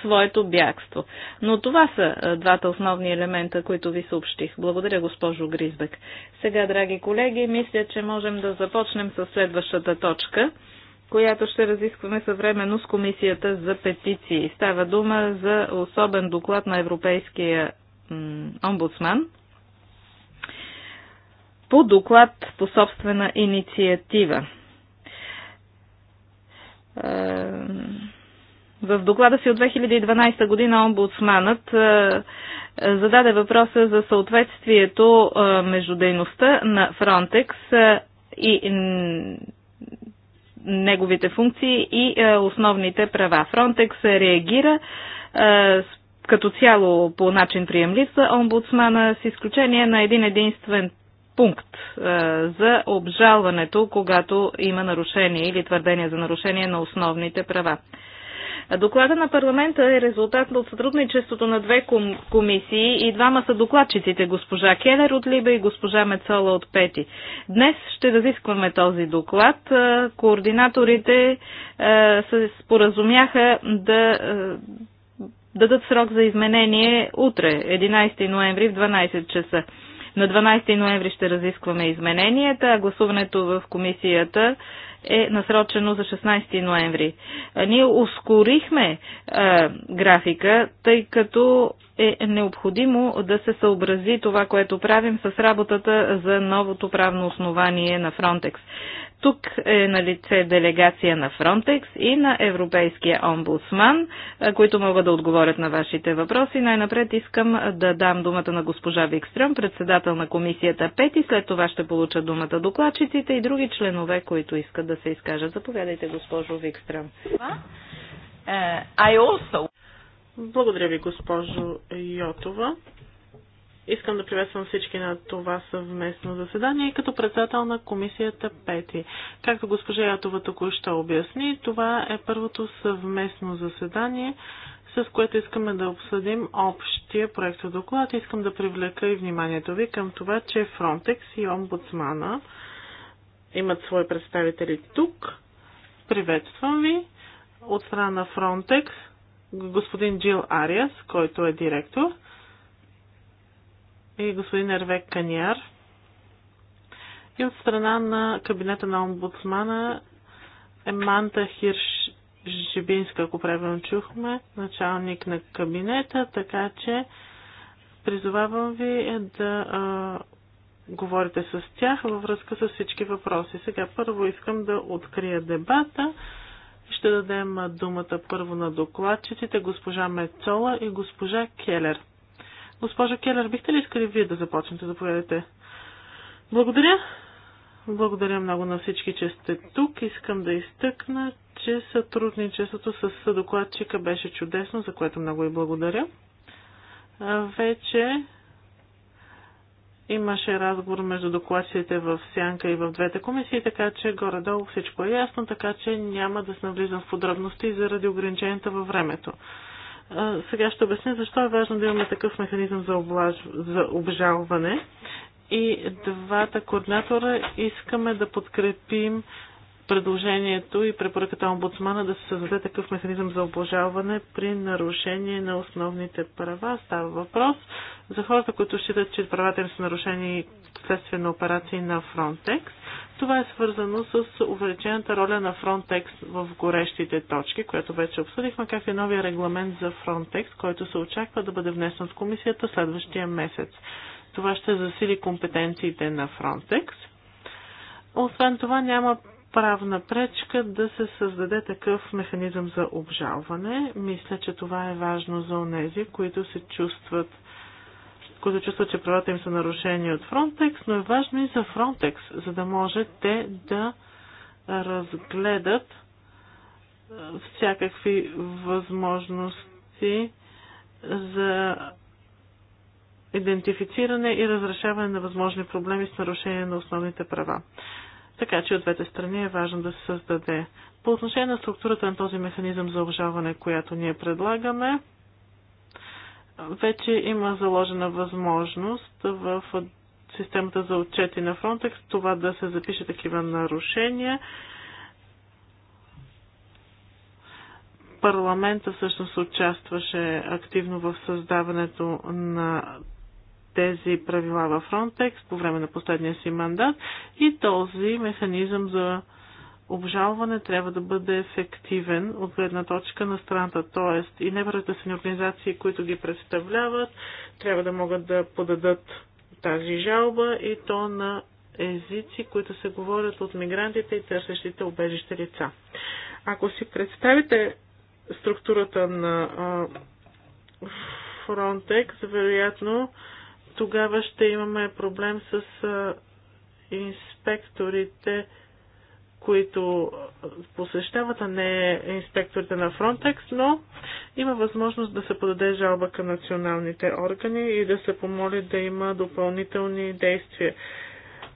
своето бягство. Но това са двата основни елемента, които ви съобщих. Благодаря, госпожо Гризбек. Сега, драги колеги, мисля, че можем да започнем с следващата точка която ще разискваме съвременно с Комисията за петиции. Става дума за особен доклад на Европейския омбудсман по доклад по собствена инициатива. В доклада си от 2012 година омбудсманът е, е, зададе въпроса за съответствието е, между дейността на Фронтекс и неговите функции и основните права. Фронтекс реагира като цяло по начин приемлив за омбудсмана, с изключение на един единствен пункт за обжалването, когато има нарушение или твърдение за нарушение на основните права. Доклада на парламента е резултат от сътрудничеството на две ком- комисии и двама са докладчиците, госпожа Келер от Либе и госпожа Мецола от Пети. Днес ще разискваме този доклад. Координаторите се споразумяха да дадат срок за изменение утре, 11 ноември в 12 часа. На 12 ноември ще разискваме измененията, а гласуването в комисията е насрочено за 16 ноември. Ние ускорихме е, графика, тъй като е необходимо да се съобрази това, което правим с работата за новото правно основание на Фронтекс. Тук е на лице делегация на Фронтекс и на Европейския омбудсман, които могат да отговорят на вашите въпроси. Най-напред искам да дам думата на госпожа Викстрем, председател на комисията Пети. след това ще получат думата докладчиците и други членове, които искат да се изкажат. Заповядайте, госпожо Викстрем. Е, I also благодаря ви, госпожо Йотова. Искам да приветствам всички на това съвместно заседание като председател на комисията Пети. Както госпожа Ятова току-що обясни, това е първото съвместно заседание, с което искаме да обсъдим общия проект доклад. Искам да привлека и вниманието ви към това, че Frontex и омбудсмана имат свои представители тук. Приветствам ви от страна на Frontex господин Джил Ариас, който е директор, и господин Ервек Каняр. И от страна на кабинета на омбудсмана е Манта Хирш Жибинска, ако правилно чухме, началник на кабинета, така че призовавам ви е, да а, говорите с тях във връзка с всички въпроси. Сега първо искам да открия дебата. Ще дадем думата първо на докладчиците, госпожа Мецола и госпожа Келер. Госпожа Келер, бихте ли искали вие да започнете да поведете? Благодаря. Благодаря много на всички, че сте тук. Искам да изтъкна, че сътрудничеството с докладчика беше чудесно, за което много и благодаря. Вече Имаше разговор между докладчите в Сянка и в двете комисии, така че горе-долу всичко е ясно, така че няма да се навлизам в подробности заради ограниченията във времето. Сега ще обясня защо е важно да имаме такъв механизъм за, облаж... за обжалване. И двата координатора искаме да подкрепим предложението и препоръката омбудсмана да се създаде такъв механизъм за обожалване при нарушение на основните права. Става въпрос за хората, които считат, че правата им са нарушени вследствие на операции на Frontex. Това е свързано с увеличената роля на Frontex в горещите точки, което вече обсъдихме, как е новия регламент за Frontex, който се очаква да бъде внесен в комисията следващия месец. Това ще засили компетенциите на Frontex. Освен това няма правна пречка да се създаде такъв механизъм за обжалване. Мисля, че това е важно за онези, които се чувстват които чувстват, че правата им са нарушени от фронтекс, но е важно и за фронтекс, за да може те да разгледат всякакви възможности за идентифициране и разрешаване на възможни проблеми с нарушение на основните права. Така че от двете страни е важно да се създаде. По отношение на структурата на този механизъм за обжаване, която ние предлагаме, вече има заложена възможност в системата за отчети на Frontex това да се запише такива нарушения. Парламента всъщност участваше активно в създаването на тези правила във Frontex по време на последния си мандат и този механизъм за обжалване трябва да бъде ефективен от гледна точка на страната, т.е. и неправителствени организации, които ги представляват, трябва да могат да подадат тази жалба и то на езици, които се говорят от мигрантите и търсещите обежище лица. Ако си представите структурата на Frontex, вероятно тогава ще имаме проблем с инспекторите, които посещават, а не инспекторите на Frontex, но има възможност да се подаде жалба към националните органи и да се помоли да има допълнителни действия.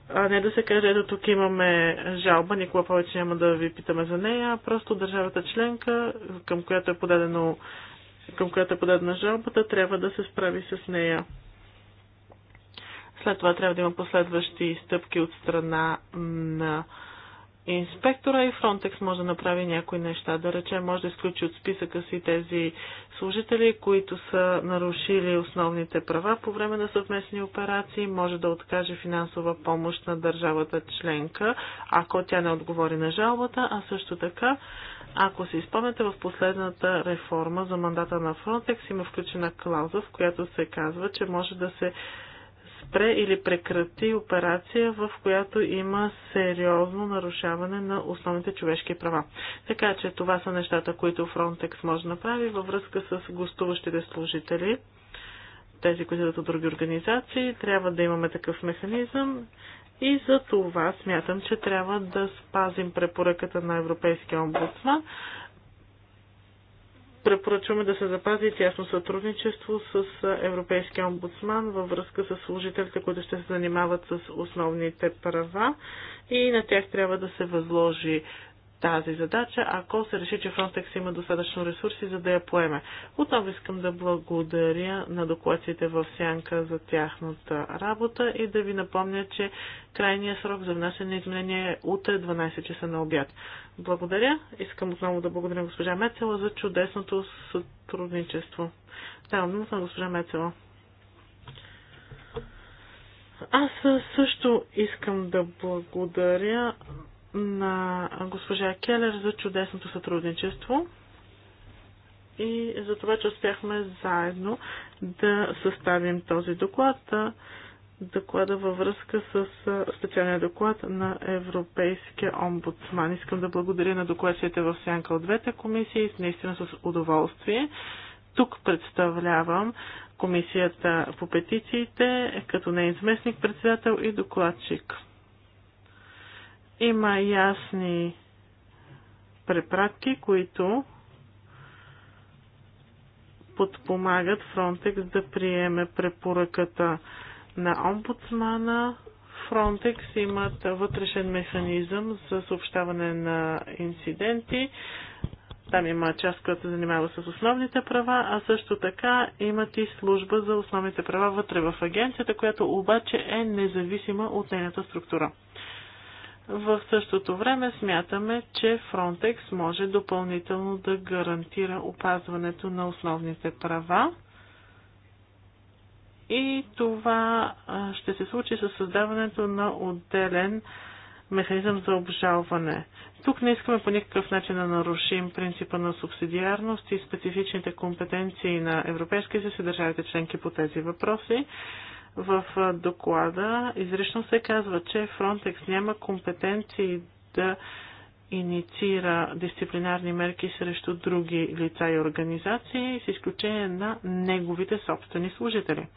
А не да се каже, ето тук имаме жалба, никога повече няма да ви питаме за нея, а просто държавата членка, към която е подадено към която е подадена жалбата, трябва да се справи с нея. След това трябва да има последващи стъпки от страна на инспектора и Фронтекс може да направи някои неща. Да речем, може да изключи от списъка си тези служители, които са нарушили основните права по време на съвместни операции, може да откаже финансова помощ на държавата членка, ако тя не отговори на жалбата, а също така, ако се изпомняте в последната реформа за мандата на Фронтекс, има включена клауза, в която се казва, че може да се спре или прекрати операция, в която има сериозно нарушаване на основните човешки права. Така че това са нещата, които Frontex може да направи във връзка с гостуващите служители тези, които идват от други организации, трябва да имаме такъв механизъм и за това смятам, че трябва да спазим препоръката на Европейския омбудсман, препоръчваме да се запази тясно сътрудничество с Европейския омбудсман във връзка с служителите, които ще се занимават с основните права и на тях трябва да се възложи тази задача, ако се реши, че Frontex има достатъчно ресурси, за да я поеме. Отново искам да благодаря на докладците в Сянка за тяхната работа и да ви напомня, че крайният срок за внасяне на изменение е утре 12 часа на обяд. Благодаря. Искам отново да благодаря госпожа Мецела за чудесното сътрудничество. Давам думата на госпожа Мецела. Аз също искам да благодаря на госпожа Келер за чудесното сътрудничество и за това, че успяхме заедно да съставим този доклад, доклада във връзка с специалния доклад на Европейския омбудсман. Искам да благодаря на докладчите в сянка от двете комисии, наистина с удоволствие. Тук представлявам комисията по петициите като неизместник председател и докладчик. Има ясни препратки, които подпомагат Фронтекс да приеме препоръката на омбудсмана. Фронтекс имат вътрешен механизъм за съобщаване на инциденти. Там има част, която се занимава с основните права, а също така имат и служба за основните права вътре в агенцията, която обаче е независима от нейната структура. В същото време смятаме, че Frontex може допълнително да гарантира опазването на основните права. И това ще се случи с създаването на отделен механизъм за обжалване. Тук не искаме по никакъв начин да нарушим принципа на субсидиарност и специфичните компетенции на Европейския съюз и държавите членки по тези въпроси. В доклада изрично се казва, че Frontex няма компетенции да инициира дисциплинарни мерки срещу други лица и организации, с изключение на неговите собствени служители.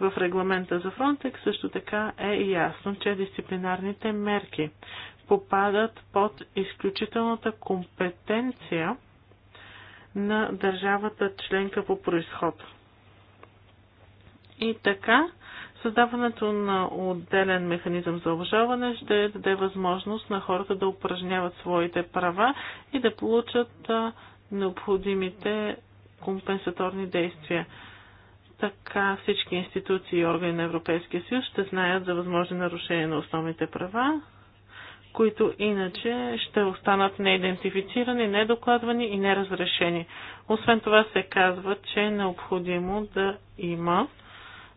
В регламента за Frontex също така е ясно, че дисциплинарните мерки попадат под изключителната компетенция на държавата членка по происход. И така, Създаването на отделен механизъм за обжалване ще даде възможност на хората да упражняват своите права и да получат необходимите компенсаторни действия. Така всички институции и органи на Европейския съюз ще знаят за възможни нарушения на основните права, които иначе ще останат неидентифицирани, недокладвани и неразрешени. Освен това се казва, че е необходимо да има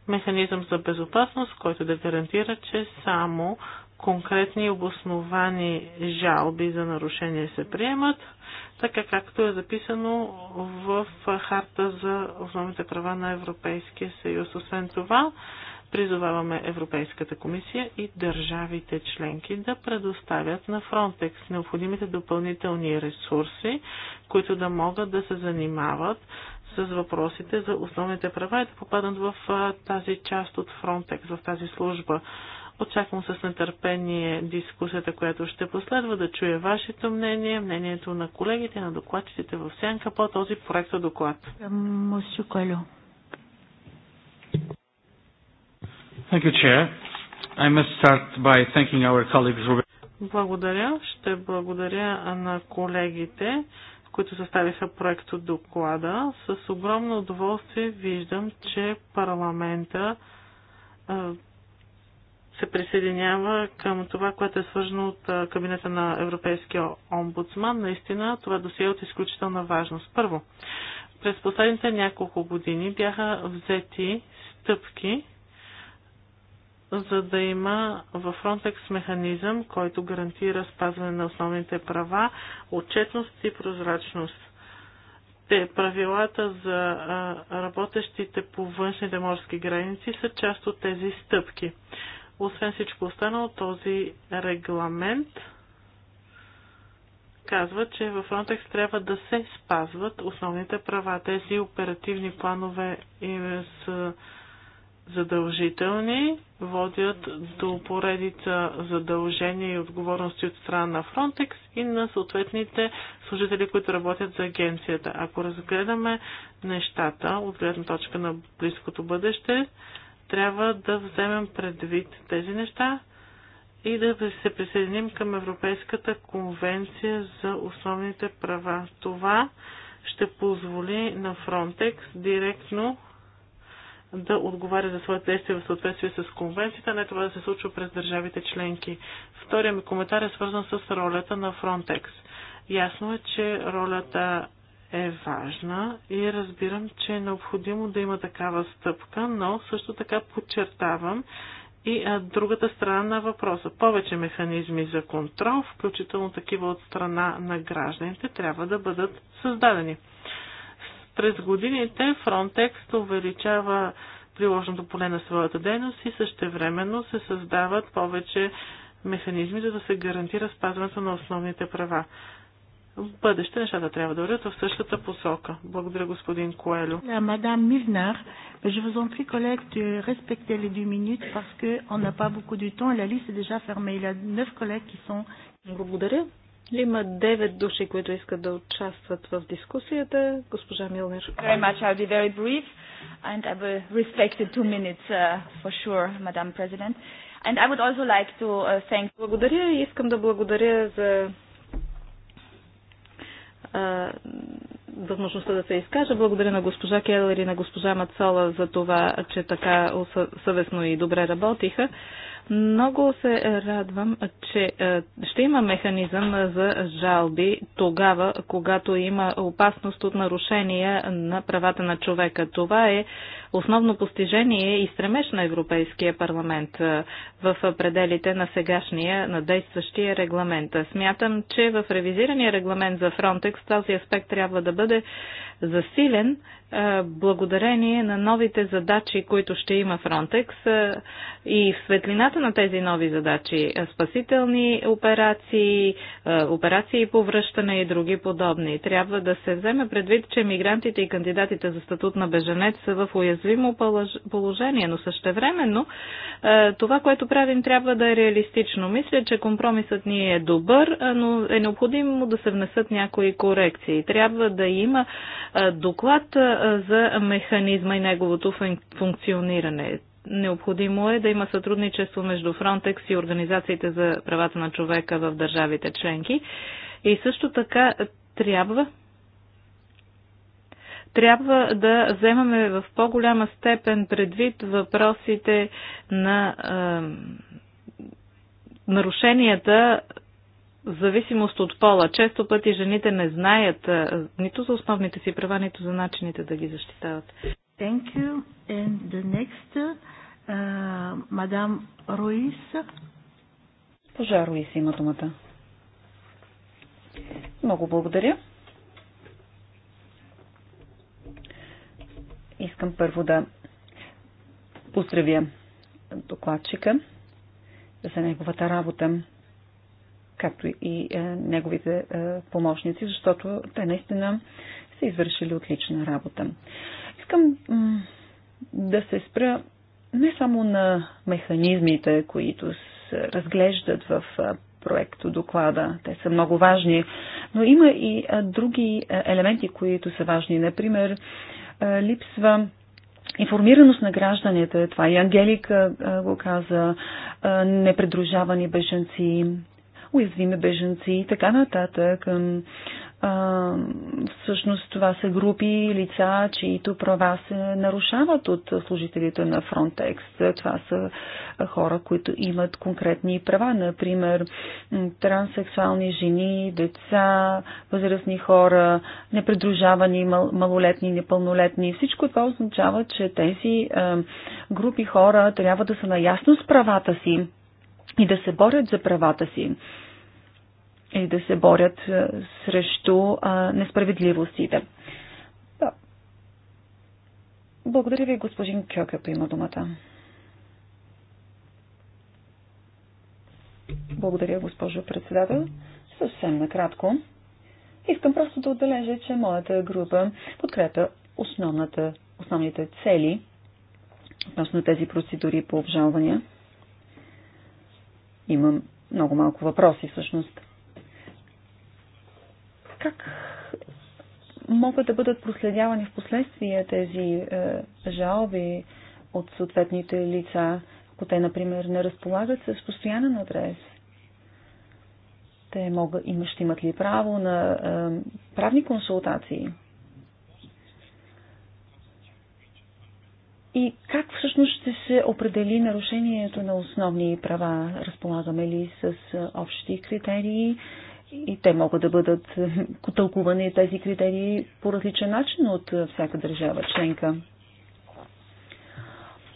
механизъм за безопасност, който да гарантира, че само конкретни обосновани жалби за нарушение се приемат, така както е записано в Харта за основните права на Европейския съюз. Освен това, Призоваваме Европейската комисия и държавите членки да предоставят на Frontex необходимите допълнителни ресурси, които да могат да се занимават с въпросите за основните права и да попаднат в тази част от Frontex, в тази служба. Очаквам с нетърпение дискусията, която ще последва, да чуя вашето мнение, мнението на колегите, на докладчиците в сянка по този проект доклад. Мусю Thank you, Chair. I must start by thanking our colleagues. Благодаря. Ще благодаря на колегите, които съставиха проект от доклада. С огромно удоволствие виждам, че парламента се присъединява към това, което е свързано от кабинета на Европейския омбудсман. Наистина това досие е от изключителна важност. Първо, през последните няколко години бяха взети стъпки за да има във Frontex механизъм, който гарантира спазване на основните права, отчетност и прозрачност. Те, правилата за а, работещите по външните морски граници са част от тези стъпки. Освен всичко останало, този регламент казва, че във Frontex трябва да се спазват основните права. Тези оперативни планове и с задължителни, водят до поредица задължения и отговорности от страна на Frontex и на съответните служители, които работят за агенцията. Ако разгледаме нещата от гледна точка на близкото бъдеще, трябва да вземем предвид тези неща и да се присъединим към Европейската конвенция за основните права. Това ще позволи на Frontex директно да отговаря за своите действия в съответствие с конвенцията, не това да се случва през държавите членки. Втория ми коментар е свързан с ролята на Frontex. Ясно е, че ролята е важна и разбирам, че е необходимо да има такава стъпка, но също така подчертавам и другата страна на въпроса. Повече механизми за контрол, включително такива от страна на гражданите, трябва да бъдат създадени. През годините Frontex увеличава приложното поле на своята дейност и същевременно се създават повече механизми, за да се гарантира спазването на основните права. В бъдеще нещата трябва да вървят в същата посока. Благодаря, господин Коелю. Мадам Мивнар, je vous en prie, collègue, de respecter les deux minutes parce qu'on n'a pas beaucoup de temps. La liste est déjà fermée. Il y a neuf collègues qui sont... Благодаря. Има девет души, които искат да участват в дискусията. Госпожа Милнер. Very much. I'll be very brief and I will respect the two minutes uh, for sure, Madam President. And I would also like to uh, thank... Благодаря и искам да благодаря за възможността да се изкажа. Благодаря на госпожа Келлер и на госпожа Мацола за това, че така съвестно и добре работиха. Uh, много се радвам, че е, ще има механизъм за жалби тогава, когато има опасност от нарушения на правата на човека. Това е основно постижение и стремеж на Европейския парламент е, в пределите на сегашния, на действащия регламент. Смятам, че в ревизирания регламент за Frontex този аспект трябва да бъде засилен е, благодарение на новите задачи, които ще има Фронтекс и в светлината на тези нови задачи, е, спасителни операции, е, операции по връщане и други подобни. Трябва да се вземе предвид, че мигрантите и кандидатите за статут на беженец са в уязвимо положение, но същевременно това, което правим, трябва да е реалистично. Мисля, че компромисът ни е добър, но е необходимо да се внесат някои корекции. Трябва да има доклад за механизма и неговото функциониране. Необходимо е да има сътрудничество между Frontex и организациите за правата на човека в държавите членки. И също така трябва трябва да вземаме в по-голяма степен предвид въпросите на е, нарушенията в зависимост от пола. Често пъти жените не знаят нито за основните си права, нито за начините да ги защитават. Thank you. And the next, uh, мадам Руис. Пожа Руис има думата. Много благодаря. Искам първо да поздравя докладчика за неговата работа както и е, неговите е, помощници, защото те наистина са извършили отлична работа. Искам да се спра не само на механизмите, които се разглеждат в е, проекто доклада. Те са много важни, но има и други елементи, които са важни. Например, липсва информираност на гражданите. Това и Ангелика го каза. Непредружавани бежанци, уязвими беженци и така нататък. А, всъщност това са групи лица, чието права се нарушават от служителите на Frontex. Това са хора, които имат конкретни права, например транссексуални жени, деца, възрастни хора, непредружавани, мал- малолетни, непълнолетни. Всичко това означава, че тези а, групи хора трябва да са наясно с правата си и да се борят за правата си и да се борят срещу несправедливостите. Да. Благодаря ви, господин Кьокъп има думата. Благодаря, госпожо председател. Съвсем накратко. Искам просто да отбележа, че моята група подкрепя основната, основните цели относно тези процедури по обжалвания. Имам много малко въпроси всъщност. Как могат да бъдат проследявани в последствие тези е, жалби от съответните лица, ако те, например, не разполагат с постоянен адрес? Те могат, има, ще имат ли право на е, правни консултации? И как всъщност ще се определи нарушението на основни права? Разполагаме ли с е, общи критерии и те могат да бъдат тълкувани тези критерии по различен начин от всяка държава членка.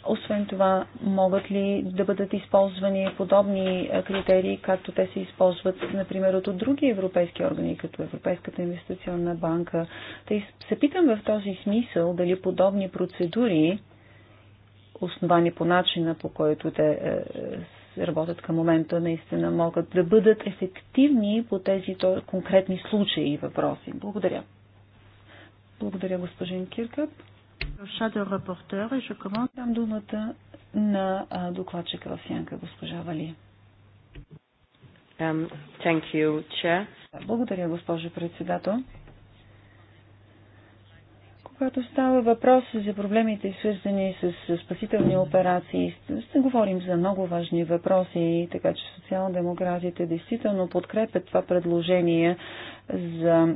Освен това, могат ли да бъдат използвани подобни критерии, както те се използват, например, от други европейски органи, като Европейската инвестиционна банка? Те се питам в този смисъл дали подобни процедури, основани по начина по който те е, работят към момента, наистина могат да бъдат ефективни по тези конкретни случаи и въпроси. Благодаря. Благодаря, господин Киркът. Дам думата на докладчика в сянка, госпожа Вали. Um, you, Благодаря, госпожо председател когато става въпрос за проблемите, свързани с спасителни операции, ще говорим за много важни въпроси, така че социал-демократите действително подкрепят това предложение за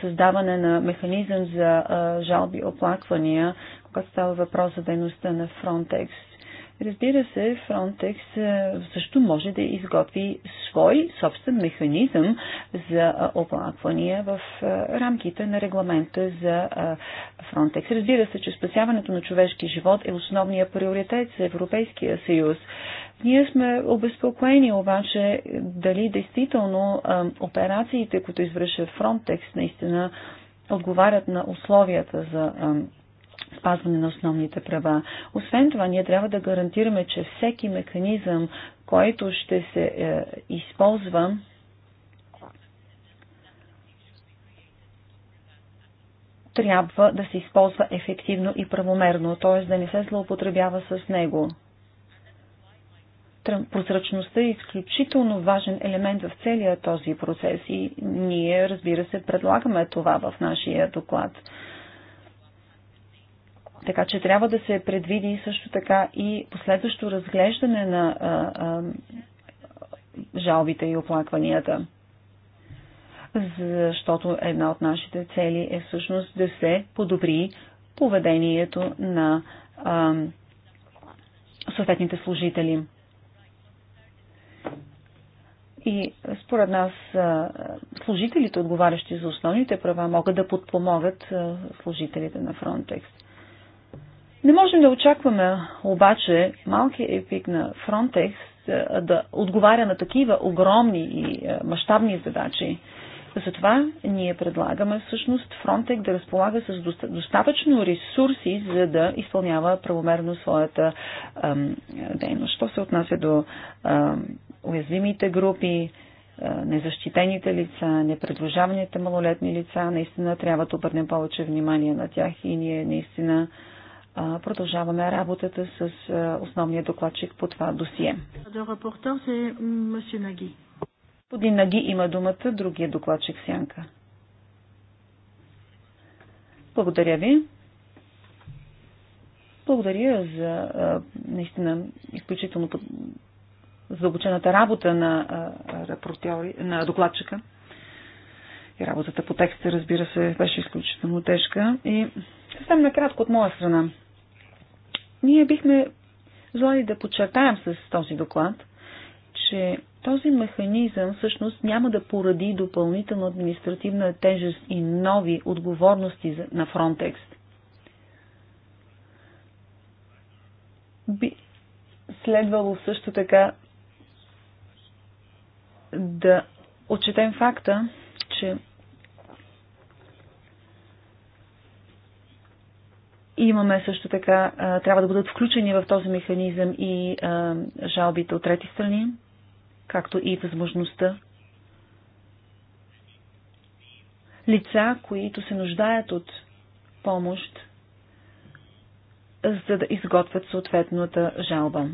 създаване на механизъм за жалби, оплаквания, когато става въпрос за дейността на Frontex. Разбира се, Frontex е, също може да изготви свой собствен механизъм за е, оплаквания в е, рамките на регламента за Frontex. Разбира се, че спасяването на човешки живот е основния приоритет за Европейския съюз. Ние сме обезпокоени обаче дали действително операциите, които извършва Frontex, наистина отговарят на условията за спазване на основните права. Освен това, ние трябва да гарантираме, че всеки механизъм, който ще се е, използва, трябва да се използва ефективно и правомерно, т.е. да не се злоупотребява с него. Прозрачността е изключително важен елемент в целия този процес и ние, разбира се, предлагаме това в нашия доклад. Така че трябва да се предвиди също така и последващо разглеждане на а, а, жалбите и оплакванията. Защото една от нашите цели е всъщност да се подобри поведението на а, съответните служители. И според нас служителите, отговарящи за основните права, могат да подпомогат служителите на Frontex. Не можем да очакваме обаче малкият епик на Frontex е, да отговаря на такива огромни и е, мащабни задачи. Затова ние предлагаме всъщност Фронтек да разполага с достатъчно ресурси, за да изпълнява правомерно своята ам, дейност. Що се отнася до ам, уязвимите групи, е, незащитените лица, непредружаваните малолетни лица, наистина трябва да обърнем повече внимание на тях и ние наистина продължаваме работата с основния докладчик по това досие. Е, Господин Наги има думата, другия докладчик Сянка. Благодаря ви. Благодаря за наистина изключително задълбочената работа на, на докладчика. И работата по текста, разбира се, беше изключително тежка. И съвсем накратко от моя страна. Ние бихме желали да подчертаем с този доклад, че този механизъм всъщност няма да поради допълнителна административна тежест и нови отговорности на Frontex. Би следвало също така да отчетем факта, че Имаме също така, трябва да бъдат включени в този механизъм и жалбите от трети страни, както и възможността лица, които се нуждаят от помощ, за да изготвят съответната жалба.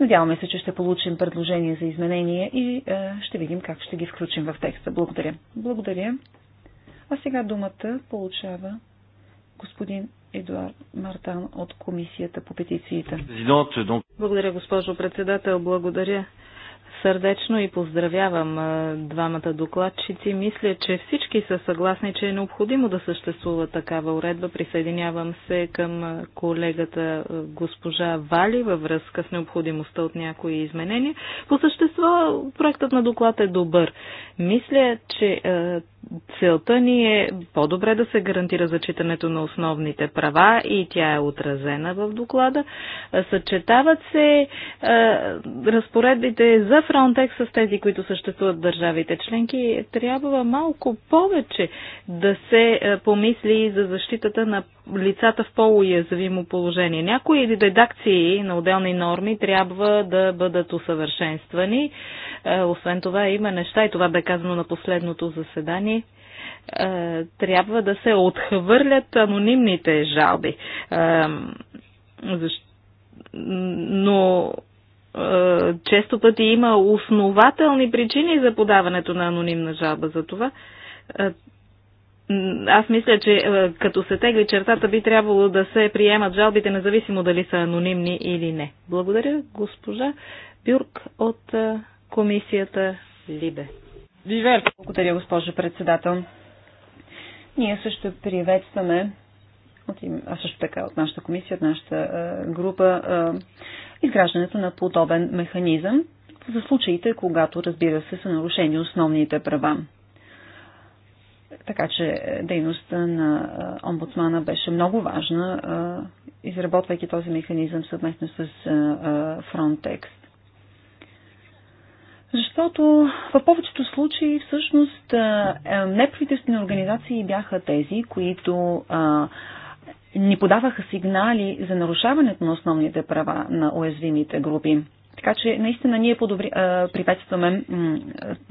Надяваме се, че ще получим предложение за изменение и е, ще видим как ще ги включим в текста. Благодаря. Благодаря. А сега думата получава господин Едуард Мартан от Комисията по петициите. Благодаря, госпожо председател. Благодаря сърдечно и поздравявам двамата докладчици. Мисля, че всички са съгласни, че е необходимо да съществува такава уредба. Присъединявам се към колегата госпожа Вали във връзка с необходимостта от някои изменения. По същество, проектът на доклад е добър. Мисля, че целта ни е по-добре да се гарантира зачитането на основните права и тя е отразена в доклада. Съчетават се разпоредбите за Фронтекс с тези, които съществуват държавите членки, трябва малко повече да се е, помисли за защитата на лицата в по-уязвимо положение. Някои редакции на отделни норми трябва да бъдат усъвършенствани. Е, освен това има неща, и това бе казано на последното заседание, е, трябва да се отхвърлят анонимните жалби. Но е, често пъти има основателни причини за подаването на анонимна жалба. За това е, аз мисля, че е, като се тегли чертата би трябвало да се приемат жалбите, независимо дали са анонимни или не. Благодаря, госпожа Бюрк от комисията Либе. Вивер. Благодаря, госпожо председател. Ние също приветстваме от им, а също така от нашата комисия, от нашата група, изграждането на подобен механизъм за случаите, когато, разбира се, са нарушени основните права. Така че дейността на омбудсмана беше много важна, изработвайки този механизъм съвместно с Frontex. Защото в повечето случаи всъщност неправителствени организации бяха тези, които ни подаваха сигнали за нарушаването на основните права на уязвимите групи. Така че наистина ние подобри, а, приветстваме м,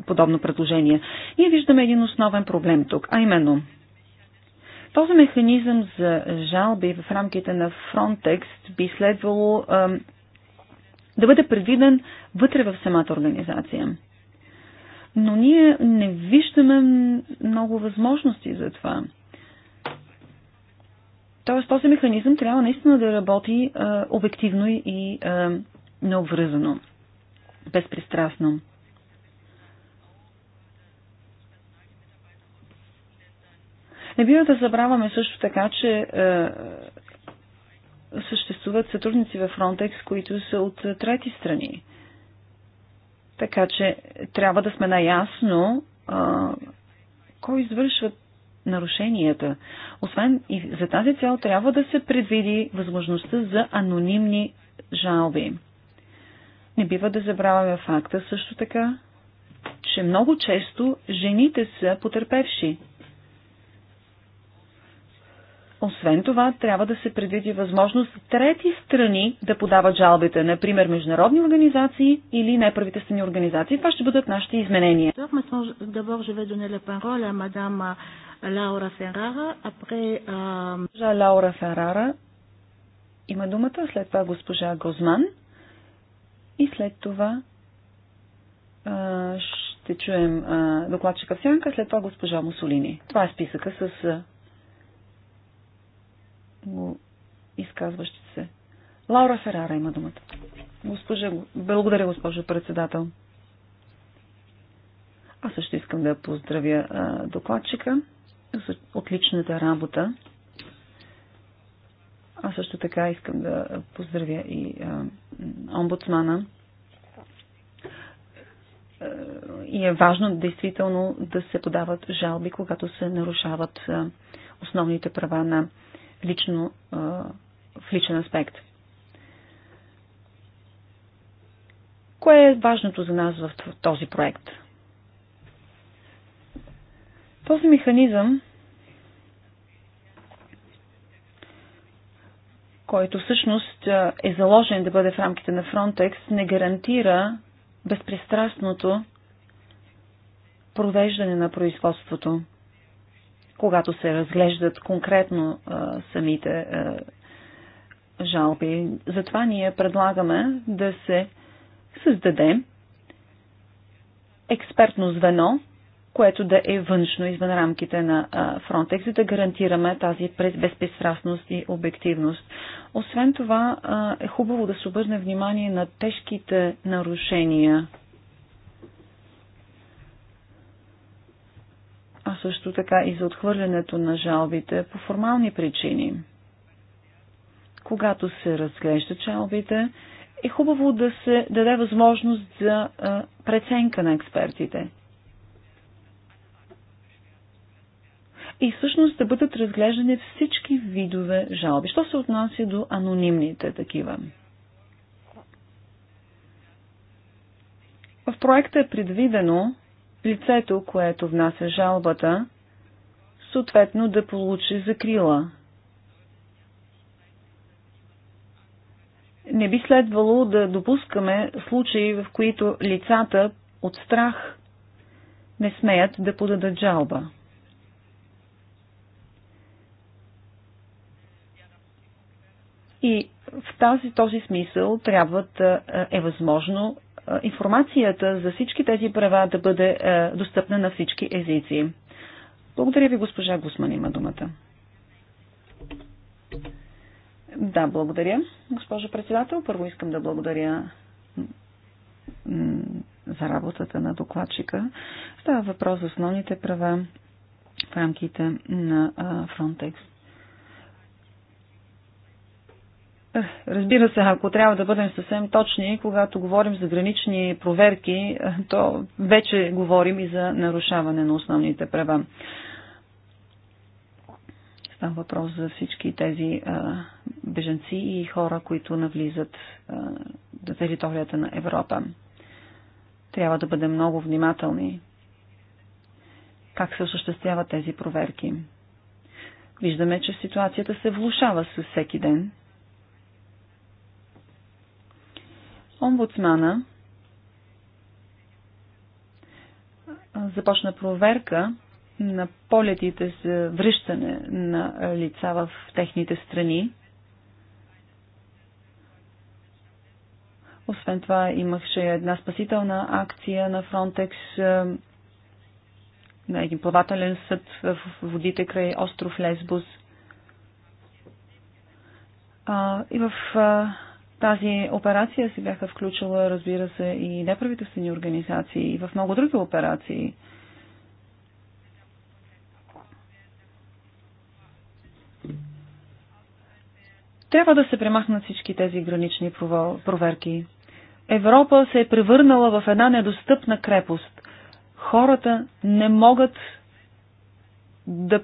подобно предложение. Ние виждаме един основен проблем тук, а именно този механизъм за жалби в рамките на Frontex би следвало а, да бъде предвиден вътре в самата организация. Но ние не виждаме много възможности за това. Тоест този механизъм трябва наистина да работи а, е, обективно и а, е, необвързано, безпристрастно. Не бива да забравяме също така, че а, е, съществуват сътрудници във Frontex, които са от трети страни. Така че трябва да сме наясно а, кой извършва нарушенията. Освен и за тази цел трябва да се предвиди възможността за анонимни жалби. Не бива да забравяме факта също така, че много често жените са потерпевши. Освен това, трябва да се предвиди възможност трети страни да подават жалбите, например международни организации или неправителствени организации. Това ще бъдат нашите изменения. Лаура Ферара, апре... Госпожа Лаура Ферара има думата, след това госпожа Гозман и след това а, ще чуем а, докладчика сянка, след това госпожа Мусолини. Това е списъка с а, изказващи се. Лаура Ферара има думата. Госпожа, благодаря, госпожо председател. Аз също искам да поздравя а, докладчика за отличната работа. А също така искам да поздравя и а, омбудсмана. Е, и е важно действително да се подават жалби, когато се нарушават а, основните права на лично, а, в личен аспект. Кое е важното за нас в този проект? Този механизъм, който всъщност е заложен да бъде в рамките на Frontex, не гарантира безпристрастното провеждане на производството, когато се разглеждат конкретно а, самите а, жалби. Затова ние предлагаме да се създаде експертно звено, което да е външно извън рамките на Frontex, за да гарантираме тази безпристрастност и обективност. Освен това, е хубаво да се обърне внимание на тежките нарушения. А също така и за отхвърлянето на жалбите по формални причини. Когато се разглеждат жалбите, е хубаво да се даде възможност за преценка на експертите и всъщност да бъдат разглеждани всички видове жалби. Що се отнася до анонимните такива? В проекта е предвидено лицето, което внася жалбата, съответно да получи закрила. Не би следвало да допускаме случаи, в които лицата от страх не смеят да подадат жалба. И в тази, този смисъл трябва да е възможно информацията за всички тези права да бъде достъпна на всички езици. Благодаря ви, госпожа Гусман има думата. Да, благодаря, госпожо председател. Първо искам да благодаря за работата на докладчика. Става въпрос за основните права в рамките на Frontex. Е, разбира се, ако трябва да бъдем съвсем точни, когато говорим за гранични проверки, е, то вече говорим и за нарушаване на основните права. Става въпрос за всички тези е, бежанци беженци и хора, които навлизат на територията на Европа. Трябва да бъдем много внимателни как се осъществяват тези проверки. Виждаме, че ситуацията се влушава с всеки ден Омбудсмана започна проверка на полетите за връщане на лица в техните страни. Освен това имаше една спасителна акция на Фронтекс е, на един плавателен съд в водите край остров Лесбус. и в тази операция се бяха включила, разбира се, и неправителствени организации, и в много други операции. Трябва да се премахнат всички тези гранични проверки. Европа се е превърнала в една недостъпна крепост. Хората не могат да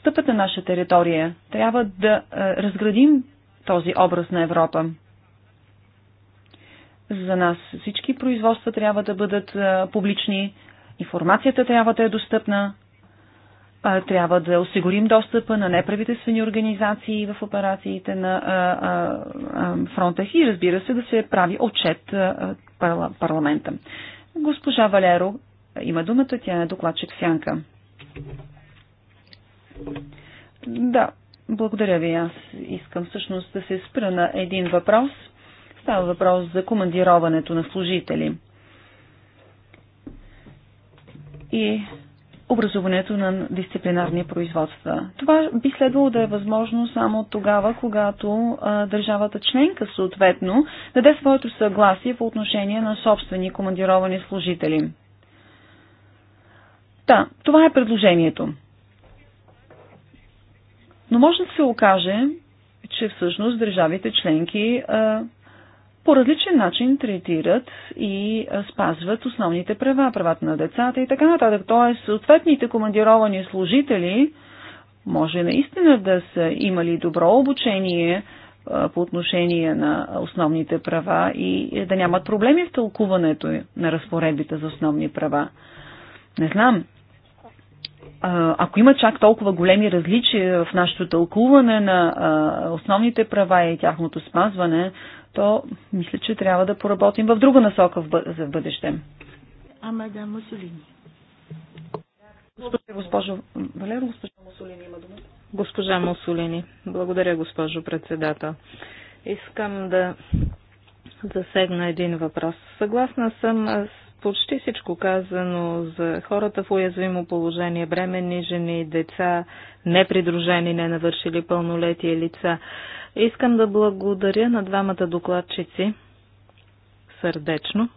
стъпят на наша територия. Трябва да е, разградим този образ на Европа. За нас всички производства трябва да бъдат публични, информацията трябва да е достъпна, трябва да осигурим достъпа на неправителствени организации в операциите на Фронтех и разбира се да се прави отчет парламента. Госпожа Валеро има думата, тя е докладчик Сянка. Да, благодаря ви. Аз искам всъщност да се спра на един въпрос. Става въпрос за командироването на служители и образуването на дисциплинарни производства. Това би следвало да е възможно само тогава, когато а, държавата членка съответно даде своето съгласие по отношение на собствени командировани служители. Та, да, това е предложението. Но може да се окаже, че всъщност държавите членки а, по различен начин третират и а, спазват основните права, правата на децата и така нататък. Тоест, съответните командировани служители може наистина да са имали добро обучение а, по отношение на основните права и да нямат проблеми в тълкуването на разпоредбите за основни права. Не знам, ако има чак толкова големи различия в нашето тълкуване на основните права и тяхното спазване, то мисля, че трябва да поработим в друга насока за бъдеще. Ама да, Мусолини. госпожа, Валеро, госпожа Мусолини има думата. Госпожа Мусолини, благодаря, госпожо председател. Искам да засегна един въпрос. Съгласна съм с почти всичко казано за хората в уязвимо положение, бременни жени, деца, непридружени, ненавършили пълнолетие лица. Искам да благодаря на двамата докладчици сърдечно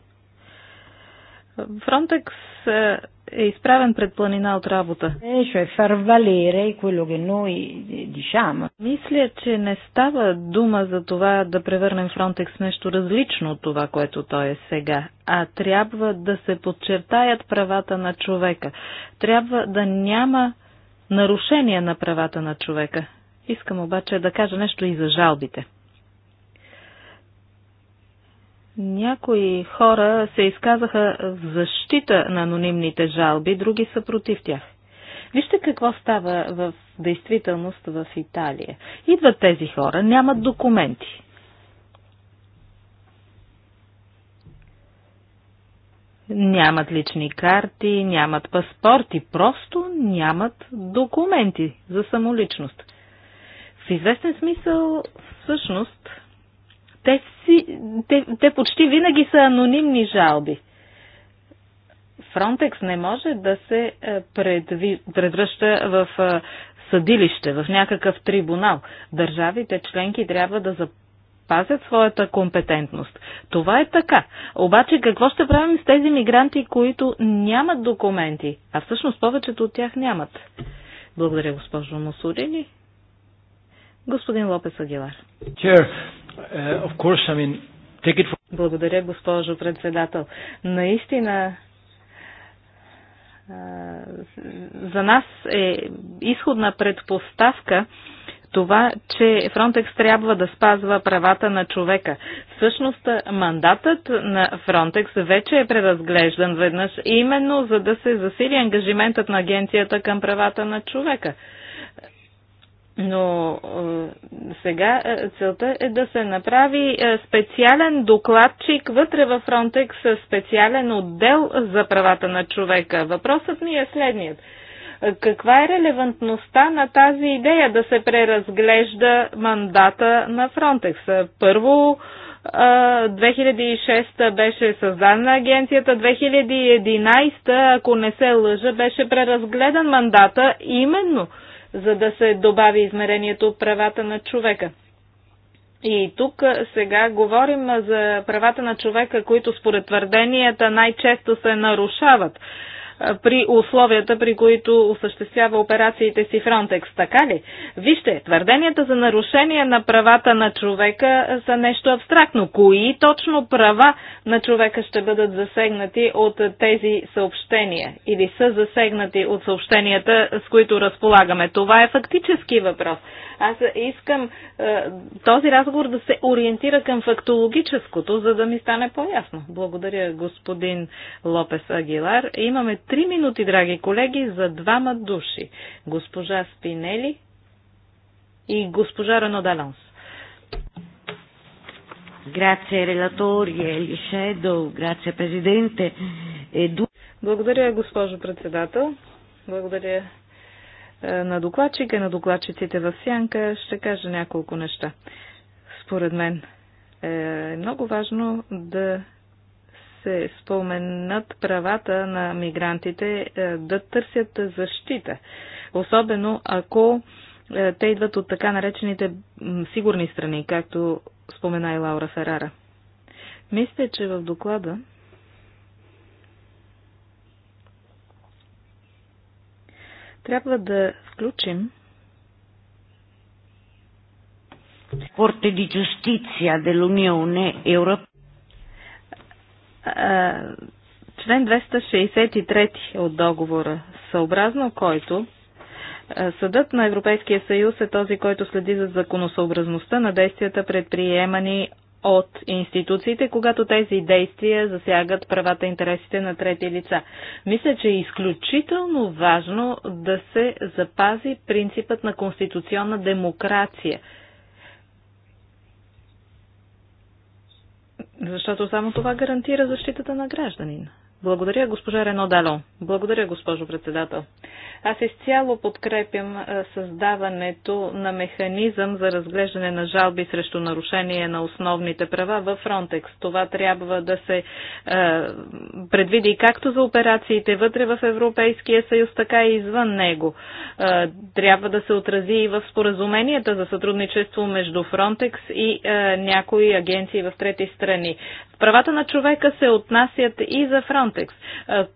Фронтекс е, е изправен пред планина от работа. Е, е, Мисля, че не става дума за това да превърнем Фронтекс нещо различно от това, което той е сега, а трябва да се подчертаят правата на човека. Трябва да няма нарушения на правата на човека. Искам обаче да кажа нещо и за жалбите. Някои хора се изказаха в защита на анонимните жалби, други са против тях. Вижте какво става в действителност в Италия. Идват тези хора, нямат документи. Нямат лични карти, нямат паспорти, просто нямат документи за самоличност. В известен смисъл, всъщност, те, си, те, те почти винаги са анонимни жалби. Фронтекс не може да се е, предви, превръща в е, съдилище, в някакъв трибунал. Държавите членки трябва да запазят своята компетентност. Това е така. Обаче какво ще правим с тези мигранти, които нямат документи, а всъщност повечето от тях нямат? Благодаря, госпожо Мусорини. Господин Лопес Агилар. Uh, Благодаря, госпожо председател. Наистина, за нас е изходна предпоставка това, че Фронтекс трябва да спазва правата на човека. Всъщност, мандатът на Фронтекс вече е преразглеждан веднъж, именно за да се засили ангажиментът на агенцията към правата на човека. Но е, сега е, целта е да се направи е, специален докладчик вътре във Фронтекс, специален отдел за правата на човека. Въпросът ми е следният. Каква е релевантността на тази идея да се преразглежда мандата на Фронтекс? Първо, 2006 беше създадена агенцията, 2011, ако не се лъжа, беше преразгледан мандата именно за да се добави измерението правата на човека. И тук сега говорим за правата на човека, които според твърденията най-често се нарушават при условията, при които осъществява операциите си Фронтекс. Така ли? Вижте, твърденията за нарушение на правата на човека са нещо абстрактно. Кои точно права на човека ще бъдат засегнати от тези съобщения или са засегнати от съобщенията, с които разполагаме? Това е фактически въпрос. Аз искам е, този разговор да се ориентира към фактологическото, за да ми стане по-ясно. Благодаря, господин Лопес Агилар. Имаме Три минути, драги колеги, за двама души. Госпожа Спинели и госпожа Рано Даланс. Грация, релатори, e gli shadow, grazie Благодаря, госпожо председател. Благодаря е, на докладчика, на докладчиците в Сянка. Ще кажа няколко неща. Според мен е, е много важно да се споменат правата на мигрантите е, да търсят защита, особено ако е, те идват от така наречените сигурни страни, както спомена и Лаура Ферара. Мисля, че в доклада трябва да включим Corte юстиция Giustizia dell'Unione Europea член 263 от договора, съобразно който Съдът на Европейския съюз е този, който следи за законосъобразността на действията предприемани от институциите, когато тези действия засягат правата и интересите на трети лица. Мисля, че е изключително важно да се запази принципът на конституционна демокрация – Защото само това гарантира защитата на гражданин. Благодаря, госпожа Рено Дало. Благодаря, госпожо председател. Аз изцяло подкрепям създаването на механизъм за разглеждане на жалби срещу нарушение на основните права във Frontex. Това трябва да се е, предвиди както за операциите вътре в Европейския съюз, така и извън него. Е, трябва да се отрази и в споразуменията за сътрудничество между Frontex и е, някои агенции в трети страни. Правата на човека се отнасят и за Frontex Фронтекс.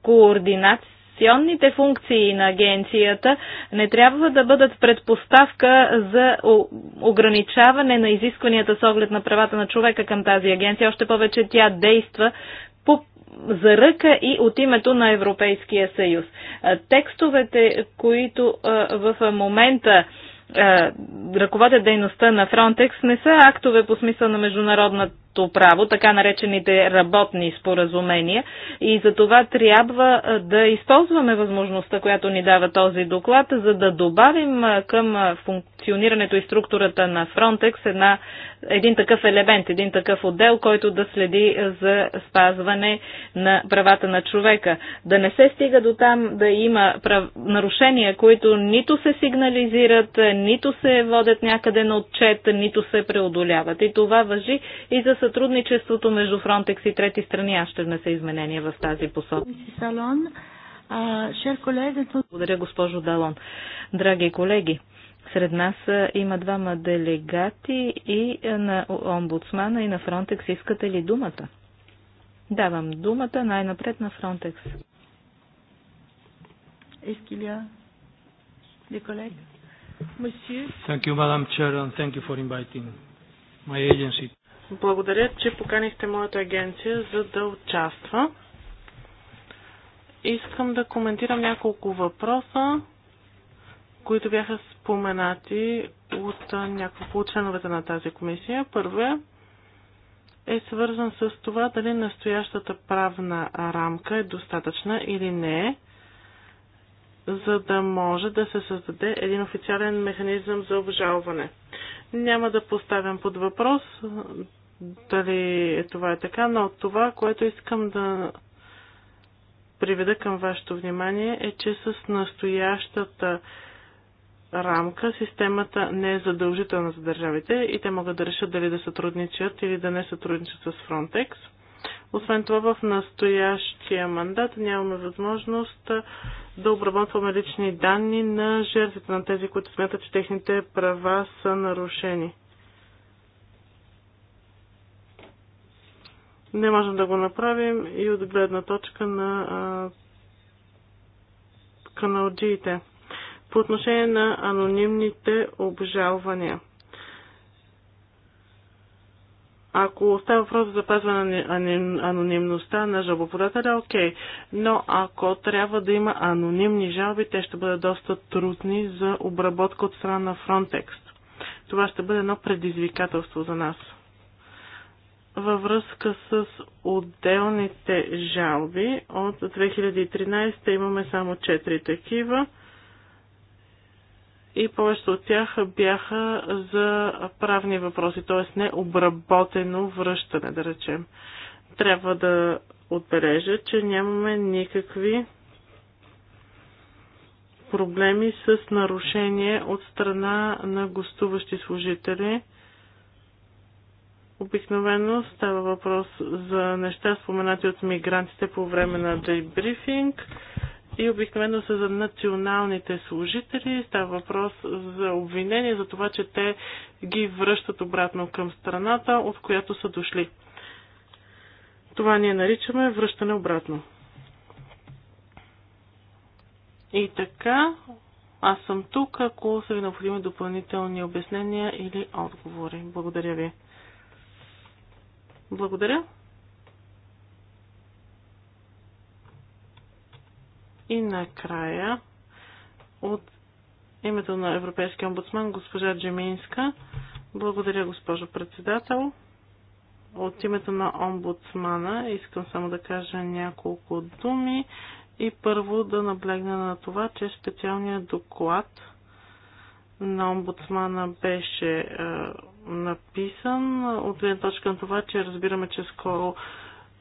Координация Координационните функции на агенцията не трябва да бъдат предпоставка за ограничаване на изискванията с оглед на правата на човека към тази агенция, още повече тя действа по за ръка и от името на Европейския съюз. Текстовете, които в момента ръководят дейността на Фронтекс, не са актове по смисъл на международната трудовото право, така наречените работни споразумения. И за това трябва да използваме възможността, която ни дава този доклад, за да добавим към функционирането и структурата на Frontex една, един такъв елемент, един такъв отдел, който да следи за спазване на правата на човека. Да не се стига до там да има прав... нарушения, които нито се сигнализират, нито се водят някъде на отчет, нито се преодоляват. И това въжи и за сътрудничеството между Фронтекс и трети страни. Аз ще внеса изменения в тази посока. Благодаря, госпожо Далон. Драги колеги, сред нас има двама делегати и на омбудсмана и на Фронтекс. Искате ли думата? Давам думата най-напред на Фронтекс. Ескилия, ли колега? Thank you, Madam Chair, and thank you for inviting my agency. Благодаря, че поканихте моята агенция за да участва. Искам да коментирам няколко въпроса, които бяха споменати от няколко от членовете на тази комисия. Първия е, е свързан с това дали настоящата правна рамка е достатъчна или не за да може да се създаде един официален механизъм за обжалване. Няма да поставям под въпрос дали е това е така, но това, което искам да приведа към вашето внимание е, че с настоящата рамка системата не е задължителна за държавите и те могат да решат дали да сътрудничат или да не сътрудничат с Frontex. Освен това, в настоящия мандат нямаме възможност да обработваме лични данни на жертвите, на тези, които смятат, че техните права са нарушени. Не можем да го направим и от гледна точка на каналджиите. По отношение на анонимните обжалвания – ако става въпрос за запазване на анонимността на жалбоподателя, окей. Но ако трябва да има анонимни жалби, те ще бъдат доста трудни за обработка от страна на Frontex. Това ще бъде едно предизвикателство за нас. Във връзка с отделните жалби, от 2013 имаме само 4 такива и повечето от тях бяха за правни въпроси, т.е. необработено връщане, да речем. Трябва да отбележа, че нямаме никакви проблеми с нарушение от страна на гостуващи служители. Обикновено става въпрос за неща, споменати от мигрантите по време на дейбрифинг. брифинг и обикновено са за националните служители. Става въпрос за обвинение за това, че те ги връщат обратно към страната, от която са дошли. Това ние наричаме връщане обратно. И така, аз съм тук, ако са ви необходими допълнителни обяснения или отговори. Благодаря ви. Благодаря. И накрая от името на Европейския омбудсман госпожа Джеминска. Благодаря, госпожо председател. От името на омбудсмана искам само да кажа няколко думи и първо да наблегна на това, че специалният доклад на омбудсмана беше е, написан от гледна точка на това, че разбираме, че скоро е,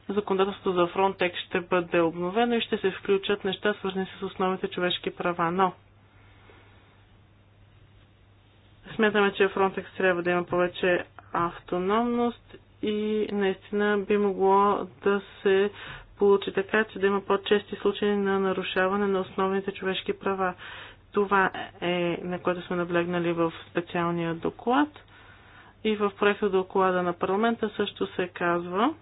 законодателството за Frontex ще бъде обновено и ще се включат неща, свързани с основните човешки права. Но смятаме, че Frontex трябва да има повече автономност и наистина би могло да се получи така, че да има по-чести случаи на нарушаване на основните човешки права. Това е на което сме наблегнали в специалния доклад. И в проекта доклада на парламента също се казва,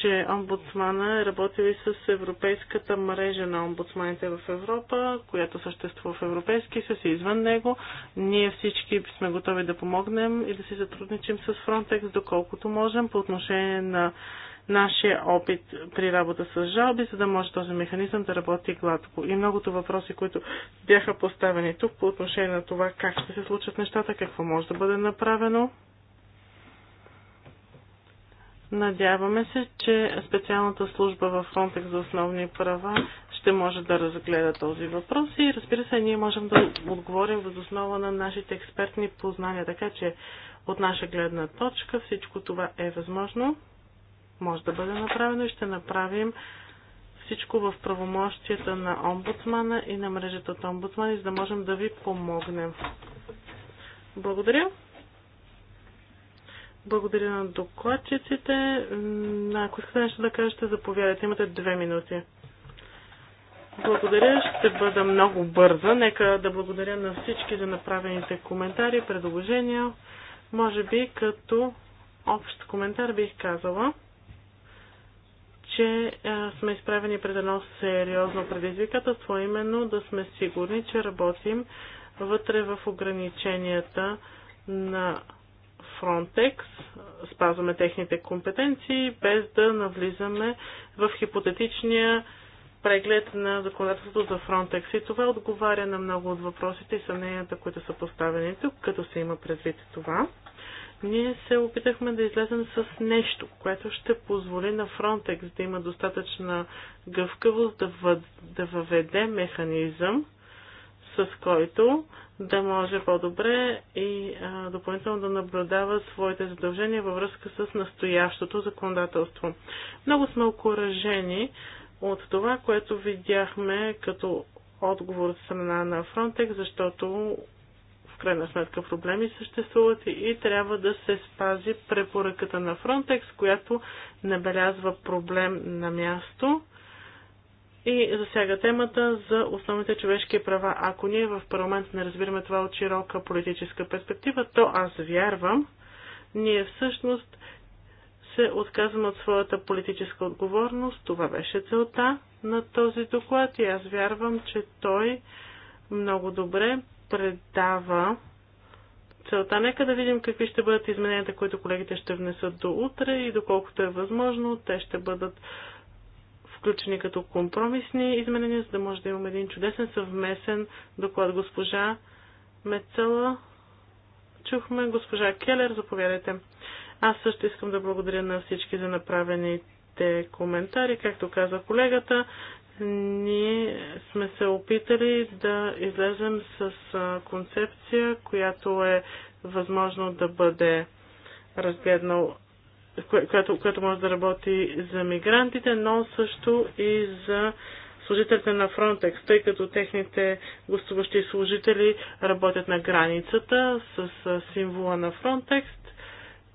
че омбудсмана е работил и с Европейската мрежа на омбудсманите в Европа, която съществува в Европейски съюз и извън него. Ние всички сме готови да помогнем и да си сътрудничим с Frontex доколкото можем по отношение на нашия опит при работа с жалби, за да може този механизъм да работи гладко. И многото въпроси, които бяха поставени тук по отношение на това как ще се случат нещата, какво може да бъде направено. Надяваме се, че специалната служба в Фронтекс за основни права ще може да разгледа този въпрос и разбира се, ние можем да отговорим възоснова на нашите експертни познания, така че от наша гледна точка всичко това е възможно, може да бъде направено и ще направим всичко в правомощията на омбудсмана и на мрежата от омбудсмани, за да можем да ви помогнем. Благодаря. Благодаря на докладчиците. Ако искате нещо да кажете, заповядайте. Имате две минути. Благодаря, ще бъда много бърза. Нека да благодаря на всички за направените коментари, предложения. Може би като общ коментар бих казала, че сме изправени пред едно сериозно предизвикателство, именно да сме сигурни, че работим вътре в ограниченията на Frontex, спазваме техните компетенции, без да навлизаме в хипотетичния преглед на законодателството за Frontex. И това отговаря на много от въпросите и съмненията, които са поставени тук, като се има предвид това. Ние се опитахме да излезем с нещо, което ще позволи на Frontex да има достатъчна гъвкавост да, да въведе механизъм, с който да може по-добре и а, допълнително да наблюдава своите задължения във връзка с настоящото законодателство. Много сме окоръжени от това, което видяхме като отговор от страна на Фронтек, защото в крайна сметка проблеми съществуват и трябва да се спази препоръката на Фронтекс, която набелязва проблем на място и засяга темата за основните човешки права. Ако ние в парламент не разбираме това от широка политическа перспектива, то аз вярвам, ние всъщност се отказваме от своята политическа отговорност. Това беше целта на този доклад и аз вярвам, че той много добре предава целта. Нека да видим какви ще бъдат измененията, които колегите ще внесат до утре и доколкото е възможно, те ще бъдат включени като компромисни изменения, за да може да имаме един чудесен съвместен доклад. Госпожа Мецела, чухме. Госпожа Келер, заповядайте. Аз също искам да благодаря на всички за направените коментари. Както каза колегата, ние сме се опитали да излезем с концепция, която е възможно да бъде разгледнал която, която може да работи за мигрантите, но също и за служителите на Frontex, тъй като техните гостуващи служители работят на границата с символа на Frontex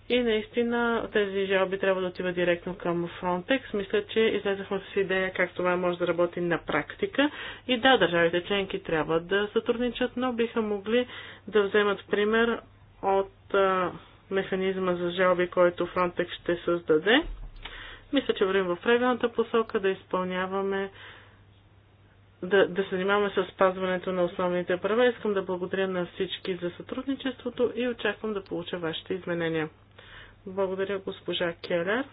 и наистина тези жалби трябва да отиват директно към Frontex. Мисля, че излезахме с идея как това може да работи на практика. И да, държавите членки трябва да сътрудничат, но биха могли да вземат пример от механизма за жалби, който Frontex ще създаде. Мисля, че вървим в правилната посока да изпълняваме да, да се занимаваме с спазването на основните права. Искам да благодаря на всички за сътрудничеството и очаквам да получа вашите изменения. Благодаря госпожа Келер.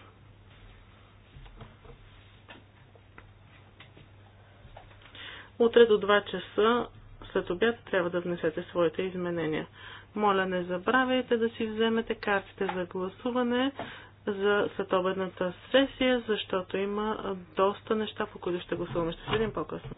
Утре до 2 часа след обяд трябва да внесете своите изменения. Моля, не забравяйте да си вземете картите за гласуване за следобедната сесия, защото има доста неща, по които ще гласуваме. Ще видим по-късно.